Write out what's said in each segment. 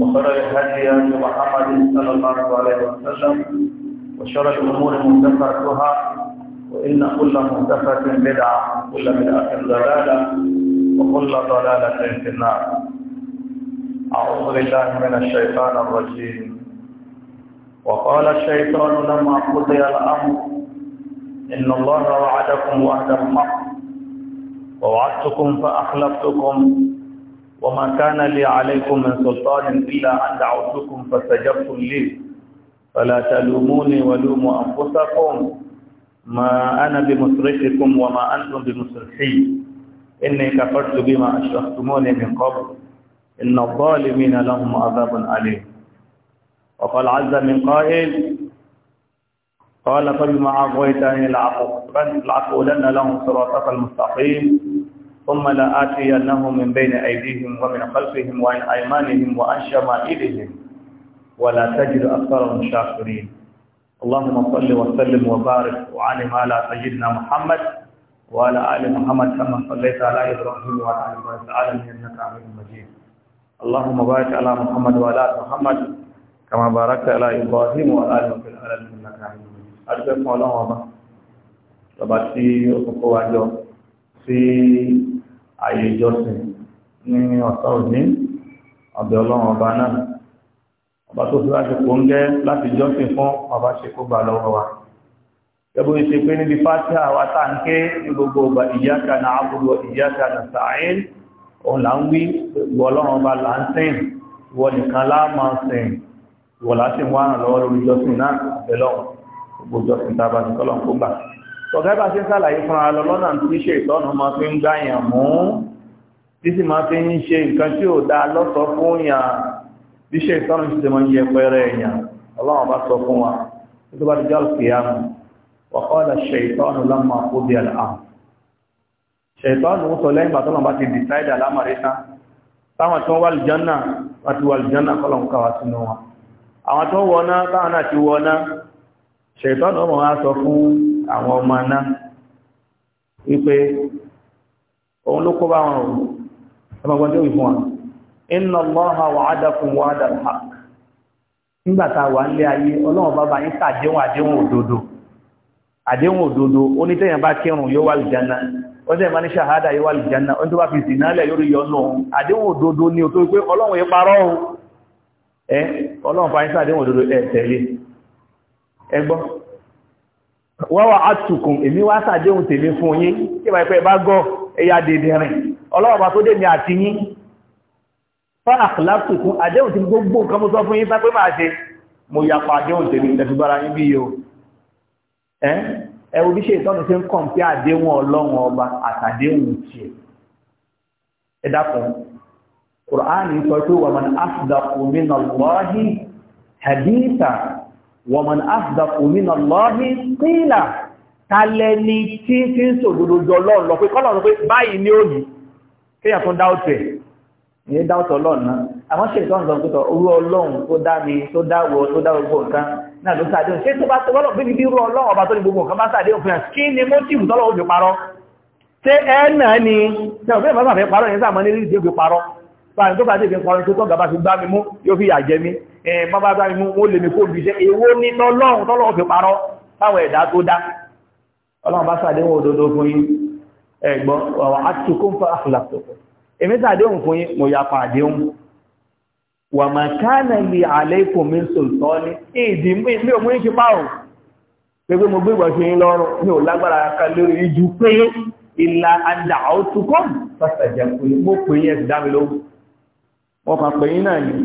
وخير الهدي هدي محمد صلى الله عليه وسلم وشر الامور محدثاتها وان كل محدثه بدعه وكل بدعه ضلاله وكل ضلاله في النار اعوذ بالله من الشيطان الرجيم وقال الشيطان لما قضي الامر ان الله وعدكم وعد الحق ووعدتكم فاخلفتكم وما كان لي عليكم من سلطان إلا أن دعوتكم فاستجبتم لي فلا تلوموني ولوموا أنفسكم ما أنا بمصرخكم وما أنتم بمصرخي إني كفرت بما أشرفتموني من قبل إن الظالمين لهم عذاب أليم وقال عز من قائل قال فبما العفو لن لهم صراطك المستقيم ثم لا لآتينهم من بين أيديهم ومن خلفهم وعن أيمانهم وعن شمائلهم ولا تجد أكثرهم شاكرين اللهم صل وسلم وبارك وعلم على سيدنا محمد وعلى آل محمد كما صليت على إبراهيم وعلى آل إبراهيم العالمين إنك عميد مجيد اللهم بارك على محمد وعلى آل محمد كما باركت على إبراهيم وعلى آل إبراهيم العالمين إنك عميد مجيد أرجو الله وبارك وبارك sí àyè ìjọsìn ní ọ̀sán òní ọ̀bẹ̀ ọlọ́run ọba náà ọba tó fi láti kó ń gẹ́ láti jọ́sìn fún ọba ṣe kó gbà lọ́wọ́ wa yẹ́bù ṣe pé níbi fásitì àwa tá ń ké ní gbogbo ọba iyyaka na'budu wa iyyaka nasta'in òun là ń wí ìwọ ọlọ́run ọba là ń sìn ìwọ nìkan lá máa sìn ìwọ láti wá lọ́wọ́ lórí jọ́sìn náà ọ̀bẹ̀ lọ́wọ́ gbogbo jọ́sìn tá a bá ti kó gbà ọ̀gá bá ṣe ń sàlàyé fúnra lọ lọ́nà tí ṣe ìtọ́nà máa fi ń gbáyàn mú tí sì máa fi ń ṣe nǹkan tí ò dá lọ́sọ fún yàn bí ṣe ìtọ́nà ti máa yẹ pẹ́rẹ́ yàn ọlọ́run bá sọ fún wa tó bá dijọ́ kìíyàmù wàkọ́lá ṣe ìtọ́nà lámà kó bí ṣe ìtọ́nà ó sọ lẹ́yìn bàtọ́ náà bá ti dìsáìdà lámàrí tán táwọn tó wà lìjánà àti wà lìjánà kọ́lọ̀ ń sínú wọn àwọn tó wọná táwọn náà ti wọná ṣe ìtọ́nà ó mọ̀ sọ fún àwọn ọmọ aná wípé òun ló kó bá wọn rò ọmọgbọ́n tó fún wa inna Allaha wa'adakum wa'dal haqq nígbà tá a wà nílé ayé ọlọ́run bàbá yín sàdéhùn àdéhùn òdodo àdéhùn òdodo onítẹ̀yìn bá kírun yóò wà lìjánná ọjọ́ ìbá ní ṣàhádà yóò wà lìjánná ọjọ́ bá fi yóò rí àdéhùn wọ́wọ́ àtùkùn èmi wá sàdéhùn tèmi fún yín tí wà ìpẹ́ bá gọ́ ẹ̀yà dèdè rìn ọlọ́ọ̀bá tó dé mi àti yín fáàkìláàtùkùn àdéhùn tí gbogbo nǹkan mú sọ fún yín sápé máa ṣe mo yapa àdéhùn tèmi tẹ̀fibára yín bí yóò ẹwù bí ṣe ìtọ́nù tí ń kàn pé àdéhùn ọlọ́run ọba àtàdéhùn tiẹ̀ ẹ dákun Kùránì sọ pé wàmàn afdàkùn min Allahi haditha wa man asdaqu minallahi qila tálẹ́ ní tí tí ń sòdodo jọ lọ́rùn lọ pé kọ́lọ̀ lọ pé báyìí ní òní kéèyàn tún dáútẹ̀ èyí dáútọ̀ ọlọ́run náà àwọn ṣe ìtọ́nà sọ pé orú ọlọ́run tó dá mi tó dáwọ tó dá gbogbo nǹkan náà ló sáà déhùn ṣé tó bá tó bọ́lọ̀ bí bí irú ọlọ́run ọba tó ní gbogbo nǹkan bá sáà déhùn fún yàn kí ni mọ́tìmù tọ́lọ́ òfin parọ́ ṣé ẹ náà ni ṣe òfin ìfẹ́ fẹ́ parọ́ yẹn sáà mọ́ ní rí ìdí òfin parọ́ fún àwọn tó bá dé ìfẹ́ parọ́ tó tọ́gà bá fi gbá mi mú yóò fi yà bábá bá mú ó lè mi kó bìí jẹ́ èwo ní tọ́lọ́run tọ́lọ́run fi parọ́ fáwọn ẹ̀dá tó dá ọlọ́run bá sàdéhùn òdodo fún yín ẹ̀gbọ́n ọ̀rọ̀ àtúkún fún àfúlàtọ̀kọ̀ èmi sàdéhùn fún yín mo yapa àdéhùn wà mà kánà lè àlékún mi sòtọ́ ní ìdí mi ò mú yín ṣe párùn pẹ̀lú mo gbé ìgbàṣe yín lọ́rùn mi ò lágbára kan lórí ijú pé ìlà àdà àótúkọ́ pàṣẹ jẹ́ pé mo pè yín ẹ̀sìn dá mi lóhùn wọ́n kàn pè yín náà yìí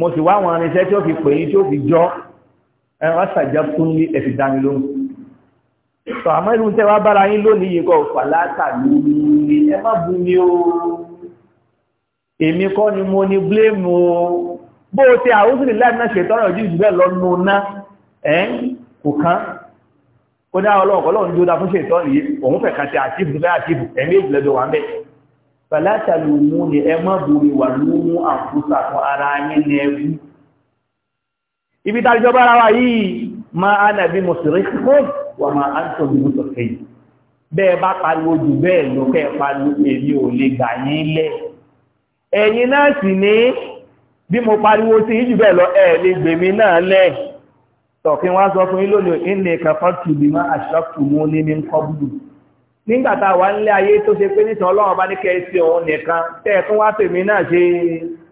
mo sì wá àwọn arinṣẹ́ tí ó fi pè yí tí ó fi jọ ẹ̀rọ ṣàjọ fún ní ẹ̀fì dání lóhùn sọ àmọ́ irú tẹ́ wá bára yín lónìí yìí kọ́ fàlátà lórí ẹ má bú mi o èmi kọ́ ni mo ní bléèmù o bó o ti àwọn òsìlè láì náà ṣètọ́rọ̀ ojú ìjùbẹ́ lọ́nu ná ẹ̀ kò kán kó dá ọlọ́ọ̀kọ́ lọ́run jó dá fún ṣètọ́rọ̀ yìí òun fẹ̀ kan ti àtìbù fẹ́ àtìbù ẹ̀mí èjìlẹ́dọ̀ wà ń bẹ́ẹ̀ fàlátà lòmú ni ẹ má borí wà lómú àkúsà fún ara yín ní ẹbú ibi tàbíjọba ara wa yìí ma a nà bí musrikhkum wà ma a ń tó bí mùsùlùmí bẹ́ẹ̀ bá pariwo jù bẹ́ẹ̀ ló kẹ́ pariwo èmi ò lè gbà yín lẹ̀ ẹ̀yin náà sì ní bí mo pariwo sí yín jù bẹ́ẹ̀ lọ ẹ̀ lè gbèmí náà lẹ̀ tọ̀kí wá sọ fún yín lónìí ìnìkan fọ́tù bí má àṣọ́tù mú ní ní kọ́bùlù nígbàtà wà nílé ayé tó ṣe pé nítàn ọlọ́run bá ní kẹ́ẹ̀sì òun nìkan tẹ́ẹ̀kún wá tèmi náà ṣe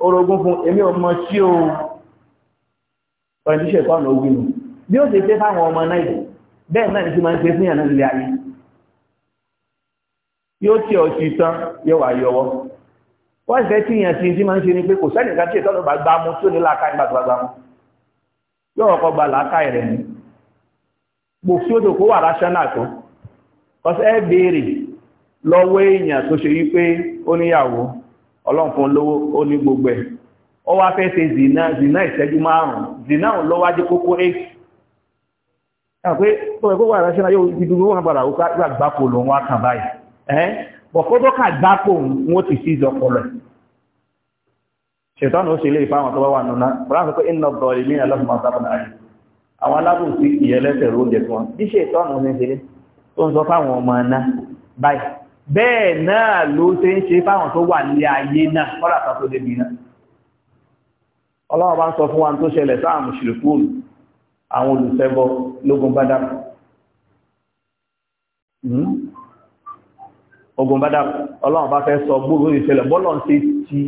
orogún fún èmi ò mọ sí o ọ̀rẹ́díṣẹ́ ìkọ́nà ogun nù bí ó ṣe ṣe fáwọn ọmọ náà ìdí bẹ́ẹ̀ náà ní ṣe máa ń ṣe fún ìyànà nílé ayé yóò tí ọ sí tán yóò wà yọwọ́ wọ́n ṣe tí ìyàn sí ti máa ń ṣe ni pé kò sẹ́nìkan tí ìtọ́nà bá gbá mú tó ní láàká nígbà tó bá gbá mú yóò ọkọ̀ gba làákà rẹ̀ ní gbòsí odò kó wà rational tó ọ̀sẹ́ béèrè lọ́wọ́ èèyàn tó ṣe wípé ó níyàwó ọlọ́nkún lówó ó ní gbogbo ẹ̀ ó wá fẹ́ ṣe zina zina ìṣẹ́jú márùn-ún zina òun lọ́wọ́ ajé kókó eight pé ọ̀rẹ́kọ́ wà ráṣẹ́ yóò ibi wọ́n gbàrà gbàgbàpò lòun wá kàn báyìí ẹ́ bọ̀kọ́ tó kà gbàpò wọ́n ti sí ìzọpọlọ ṣètọ́nù ó ṣe ilé ìfáwọn tó bá wà nùná ráṣẹ́ pé iná bọ̀rẹ̀ ní aláfọmọ́sáfọ́nà àwọn alábùsí ìyẹlẹ́sẹ̀ róúnjẹ fún wọn bí ṣètọ́nù ó ṣe ń ṣe tó ń sọ fáwọn ọmọ náà báyìí bẹ́ẹ̀ náà ló ṣe ń ṣe fáwọn tó wà ní ayé náà kọ́lá kan tó débi náà ọlọ́run bá ń sọ fún wa tó ṣẹlẹ̀ sáà mùsùlùkùn àwọn olùṣẹbọ lógun bádàrú hmm? ogun bádàrú ọlọ́run bá fẹ́ sọ gbogbo ìṣẹlẹ̀ bọ́lọ̀ ń ṣe ti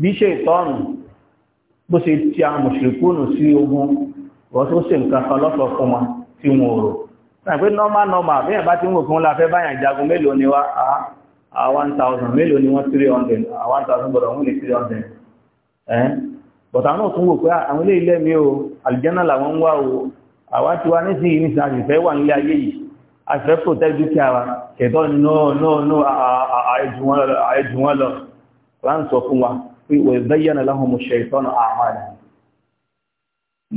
bí ṣe ìtọ́nù bó ṣe ti àwọn sí ogun wọ́n tó ṣe nǹkan kan lọ́sọ̀ fún wa tí wọn rò pé normal normal bí ẹ̀bá tí ń wò kí wọ́n la fẹ́ báyàn jagun mélòó ni wá a ah, 1000 ah, mélòó ni wọ́n 300 a 1000 gbọ́dọ̀ wọ́n lè 300 ẹ́ but àwọn náà tún wò pé ah, àwọn ilé ilẹ̀ mi o àlìjánà làwọn ń wá o àwa ti wá nísìn yìí nísìn àṣìfẹ́ wà nílé ayé yìí àṣìfẹ́ protect dúkìá wa kẹ̀tọ́ ni no no no àìjù wọn lọ láń sọ fún wa pé wẹ̀ bẹ́yẹ̀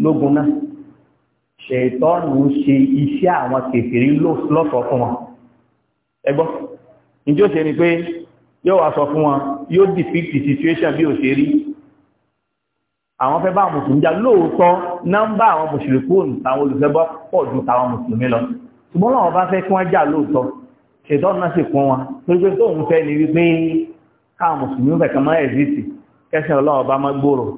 náà ṣètọ́nù ṣe iṣẹ́ àwọn kèfèrí lọ́sọ̀ fún wọn ẹgbọ́ ìjọ ṣe ni pé yóò wá sọ fún wọn yóò depict situation bí ò ṣe rí àwọn fẹ́ bá mùsùlùmí jà lóòótọ́ nọ́mbà àwọn mùsùlùmí àwọn olùfẹ́bọ́ pọ̀ ju tàwọn mùsùlùmí lọ ṣùgbọ́n láwọn bá fẹ́ kí wọ́n jà lóòótọ́ ṣètọ́nù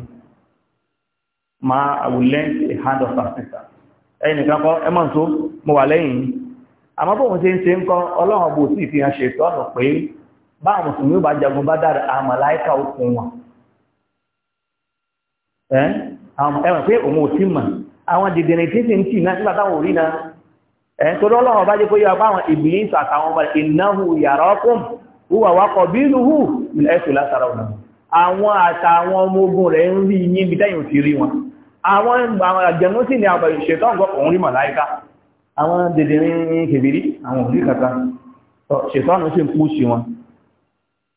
ma I will lend a hand of assistance ẹnìkan kọ́ ẹmọ́ tó mo wà lẹ́yìn àmọ́ bóhun ṣe ń ṣe ń kọ́ ọlọ́run ọgbò sí ìfihàn ṣe tọ́nà pé bá àwọn mùsùlùmí bá jagun bá dára àwọn màláíkà okùn wọn ẹ̀wọ̀n pé òun ò sí mà àwọn dìdìrín tí sì ń tì náà nígbà táwọn òrí náà ẹ̀ torí ọlọ́run bá jẹ́ pé yóò báwọn ìbìlísà àtàwọn ọmọ ìnáhù yàrá wúwà wákọ̀ bílùú ẹ̀sùn látara ọ̀nà àwọn àtàwọn ọmọ ogun rẹ̀ ń rí yín bí táyìn ò ti rí wọn àwọn àjẹ̀nú sí ni àbàrí ṣètọ́n gọ́ òun rí màláíká àwọn dèdèrè kèbìrí àwọn òbí kàtà ṣètọ́nù sí kú sí wọn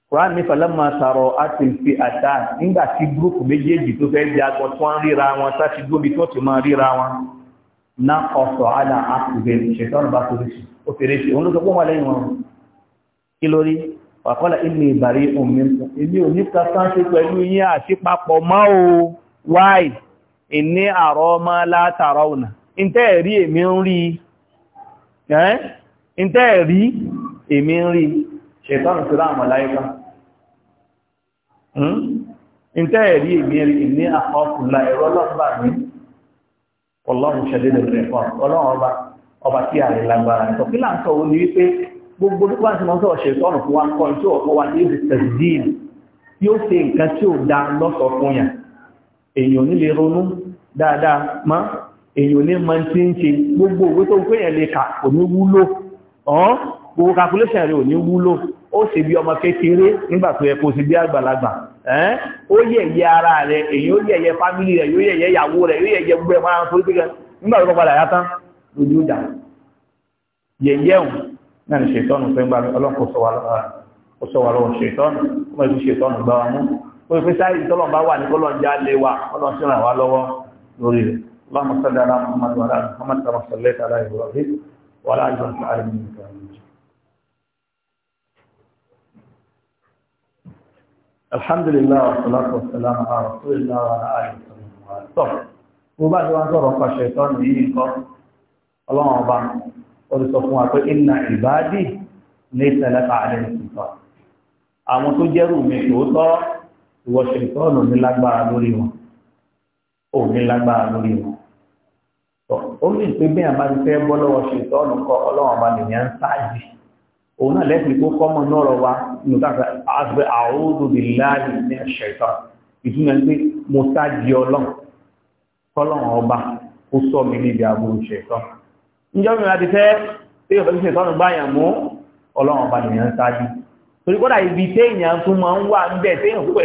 kùrán ní falamma sàrọ̀ àti fi àtà nígbà tí gúrùpù méjèèjì tó fẹ́ di agbọn tó ń ríra wọn sáti gbóbi tó ti máa ríra wọn ná ọ̀sọ̀ àlà àkùgbẹ̀ ṣètọ́nù bá torí sí ó fèrè sí òun ló sọ pé wọn lẹ́yìn wọn kí lórí wàkọ́lá ilé ìbàrí òmìnira èmi ò ní kankan ṣe pẹ̀lú yín àti papọ̀ mọ́ o wáì ìní àrọ mọ́ látàrọ ọ̀nà ìntẹ́ ẹ̀rí èmi ń rí ìntẹ́ ẹ̀rí èmi ń rí ṣẹ̀tọ́nù sí láàmọ̀ láyíká ìntẹ́ hmm? ẹ̀rí èmi rí ìní àkọ́kùnlá ẹ̀rọ lọ́gbà ní ọlọ́run ṣẹlẹ̀ lẹ́fọ́ ọlọ́run ọba ọba tí a rẹ̀ lágbára nìkan kí láǹkọ̀ ó ní wípé gbogbo nípa tí wọ́n sọ̀rọ̀ ṣètọ́nù fún wa ń kọ́ tí ọ̀pọ̀ wa ní ìrìn tẹ̀síìlì yóò ṣe nǹkan tí ó da lọ́sọ̀ fún yàn èèyàn nílé ronú dáadáa mọ́ èyàn ní mọ́ tí ń ṣe gbogbo owó tó gbé yẹn lè kà kò ní wúlò ọ́n gbogbo calculation rẹ̀ ò ní wúlò ó sì bí ọmọ kékeré nígbà tó yẹ kó sì bí àgbàlagbà ẹ́n ó yẹ̀yẹ ara rẹ̀ èyàn ó yẹ̀yẹ fámílì rẹ̀ yóò yẹ̀yẹ ìyàwó rẹ̀ yóò yẹ̀yẹ gbogbo ẹ̀mọ́ ara torí pé nígbà tó padà yá tán lójú ìjà yẹ̀yẹ́ òun náà ni ṣètọ́nù fẹ́ gbà ọlọ́kọ̀ sọ wà lọ́wọ́ ṣètọ́nù ó mọ̀ sí ṣètọ́nù gbà wà fi sáyé ìtọ́lọ̀ bá wà ní kọ́lọ̀ ń já lé wa ọlọ́sìn lọ́wọ́ lórí rẹ̀ اللهم صل على محمد وعلى ال محمد كما صليت على ابراهيم وعلى ال ابراهيم في العالمين انك حميد الحمد لله والصلاة والسلام على رسول الله وعلى آله وصحبه وعلى آله mo bá ti wá sọ̀rọ̀ pa ṣẹ̀tọ́ nìyí nǹkan ọlọ́run ọba ó ti sọ fún wa pé inna ìbáàdì ní sẹlẹ́ta àlẹ́ ìsìnkọ́ àwọn tó jẹ́rù mi tòótọ́ ìwọ ṣẹ̀tọ́ ọ̀nà mi lágbára lórí wọn òní lágbára lórí wọn. ó ní pé bí àbá ti fẹ́ bọ́ lọ́wọ́ ṣe tọ́ọ̀nù kọ́ ọlọ́wọ́n bá lèmi à ń sáàjì òun náà lẹ́sìn kó kọ́mọ náà rọ wa nùtàkà àgbẹ̀ a'udhu billahi minash shaitan ìtumọ̀ pé mo sáàjì ọlọ́run kọ́lọ́run ọba ó sọ mi níbi àbúrò ṣẹ̀tọ́ níjọ́ mi láti fẹ́ pé ọ̀fẹ́ ṣẹ̀tọ́ ń báyàn mú ọlọ́run ọba lèmi ń sáàjì torí kọ́dà ibi téèyàn tún máa ń wà ń bẹ̀ téèyàn púpọ̀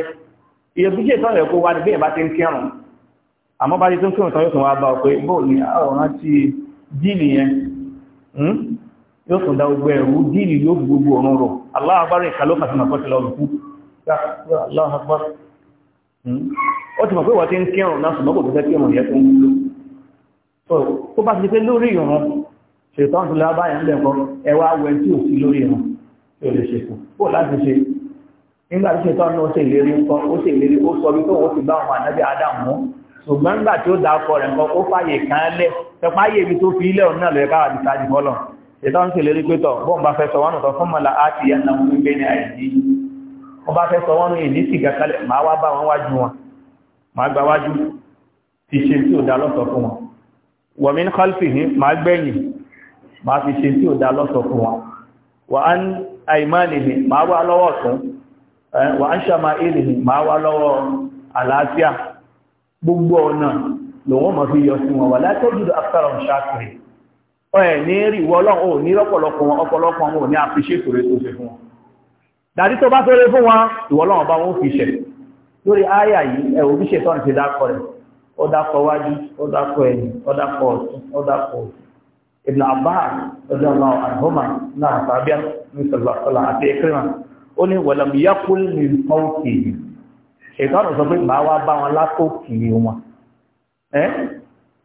ẹ̀ ìyẹ̀bùjì ìtọ́rọ̀ ẹ̀kọ́ wá nígbé ìbá ti ń kírùn àmọ́ bá ti tún kírùn tán yóò tún wá bá ọ̀pẹ́ bóò ní àwòrán ti díìlì yẹn hmm? yóò tún dá gbogbo ẹ̀rù díìlì yóò fi gbogbo ọ̀run rọ̀ Allahu Akbar ìkàlófà sí màkọ́ ti lọ rùkú Allahu Akbar hmm? ó ti mọ̀ pé wọ́n ti ń kírùn náà ṣùgbọ́n kò tó fẹ́ kírùn yẹn tó ń wúlò tó bá ti pé lórí ìrun ṣètọ́ ìtọ́lá báyẹn lẹ́kọ̀ọ́ ẹwà awẹ tí ò sí lórí nígbà tí ṣetán náà ṣe ìlérí nǹkan ó ṣe ìlérí ó sọ wípé òun ti bá àwọn ànábì ádámù ṣùgbọ́n nígbà tí ó dákọ rẹ̀ nǹkan ó fàyè kan lẹ̀ tẹpá yé ibi tó fi ilẹ̀ òun náà lọ́yẹ káwà dìta jù fọ́lọ̀ ṣetán ṣe ìlérí pé tọ̀ bọ́n bá fẹ́ sọ wọ́n nùtọ̀ fún mọ́lá àti ìyànà òun gbé ní àìsí wọ́n bá fẹ́ sọ wọ́n nù ìní sì gàkalẹ̀ máa wá bá wà ń ṣàmà èlìhì máa wá lọ́wọ́ àlàáfíà gbogbo ọ̀nà lòun mọ̀ fi yọ sí wọn wà látọ́jú afẹ́rọ̀ ṣàkiri ọ̀ẹ̀ ní rí wọ́lọ́wọ́ ní ọ̀pọ̀lọpọ̀ wọn ọ̀pọ̀lọpọ̀ wọn ní àfiṣètò rẹ̀ tó ṣe fún wọn dàdí tó bá tó lé fún wọn ìwọ́lọ́wọ́ bá wọn fi ṣẹ̀ lórí áyà yìí ẹ̀wò bí ṣe tọ́nà ti dákọ̀ rẹ̀ ó dákọ̀ wájú ó ní wọ̀lọ̀mìyàkùn ní ọ̀kì ìtọ́nù sọ pé màá wá bá wọn látòkì wọn ẹ́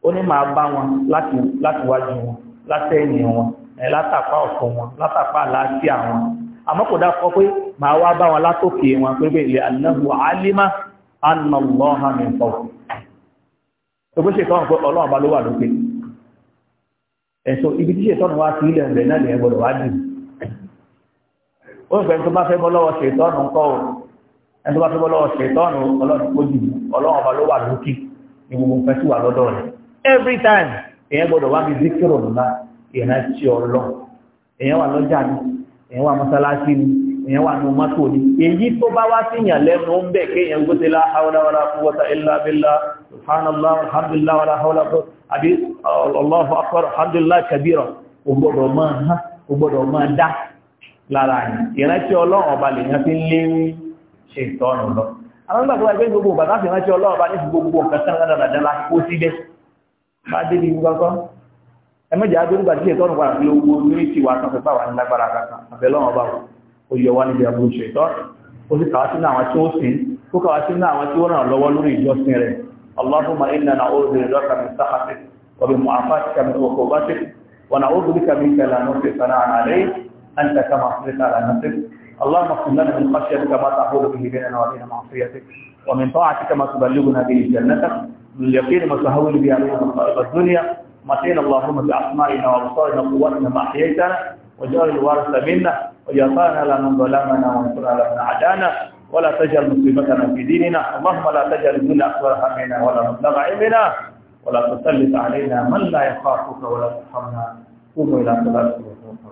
ó ní màá bá wọn láti wájú wọn látẹ̀yìn wọn látàpá ọ̀tọ̀ wọn látàpá àlàáfíà wọn àmọ́ kò dákọ́ pé màá wá bá wọn látòkì wọn pé bẹ́ẹ̀ lè anáhù alímá annalọ́ha mi pọ̀ ó ń gbẹ̀yìn tó bá fẹ́ bọ́ lọ́wọ́ ṣètọ́nù ńkọ́ o ẹni tó bá fẹ́ bọ́ lọ́wọ́ ṣètọ́nù ọlọ́run kó jù ọlọ́run ọba ló wà lókè ní gbogbo nǹkan tí wà lọ́dọ̀ rẹ̀ every time èèyàn gbọ́dọ̀ wá bí zikiro nùlá èèyàn ti ọlọ́ èèyàn wà lọ́jà ni èèyàn wà mọ́sálásí ni èèyàn wà ní mọ́tò ni èyí tó bá wá síyàn lẹ́nu ń bẹ̀ kéèyàn gbọ́dọ̀ la hawla wala quwwata illa billah subhanallah alhamdulillah wala hawla àbí allahu akbar alhamdulillah kabira ó gbọ́dọ̀ máa dá lára yìí ìrántí ọlọ́run ọba lè yàn fi ń lé ṣe ìtọ́nù lọ àwọn ìgbàgbọ́ ẹgbẹ́ gbogbo bàtà fi rántí ọlọ́run ọba ní fi gbogbo nǹkan tán ládàá dáadáa láti kó síbẹ̀ máa débi gbogbo kan ẹ méjì agbẹ́rù gbàtí ìtọ́nù padà fi owó orí ti wà sanfẹ́ bá wà ní lágbára kankan àbẹ̀ lọ́run ọba ò yọ wá níbi àbúrò ṣe ìtọ́nù ó sì kàwá sínú àwọn tí ó sìn kó kàwá sínú àwọn tí ó ràn lọ́wọ́ lórí ìjọsìn rẹ̀ اللهم إنا نعوذ برضاك من سخطك وبمعافاتك من عقوبتك ونعوذ بك منك لا نحصي ثناء عليك أنت كما أصبرت على نفسك اللهم اقسم لنا من خشيتك ما تحول به بيننا وبين معصيتك ومن طاعتك ما تبلغنا به جنتك من اليقين ما تهول به علينا مصائب الدنيا متين اللهم بأسمائنا وأبصارنا وقوتنا ما أحييتنا وجعل الوارث منا وجعلنا لنا من ظلامنا وانصرنا على من عدانا ولا تجعل مصيبتنا في ديننا اللهم لا تجعل الدنيا أكبر همنا ولا مبلغ علمنا ولا تسلط علينا من لا يخافك ولا ترحمنا قوموا إلى صلاتكم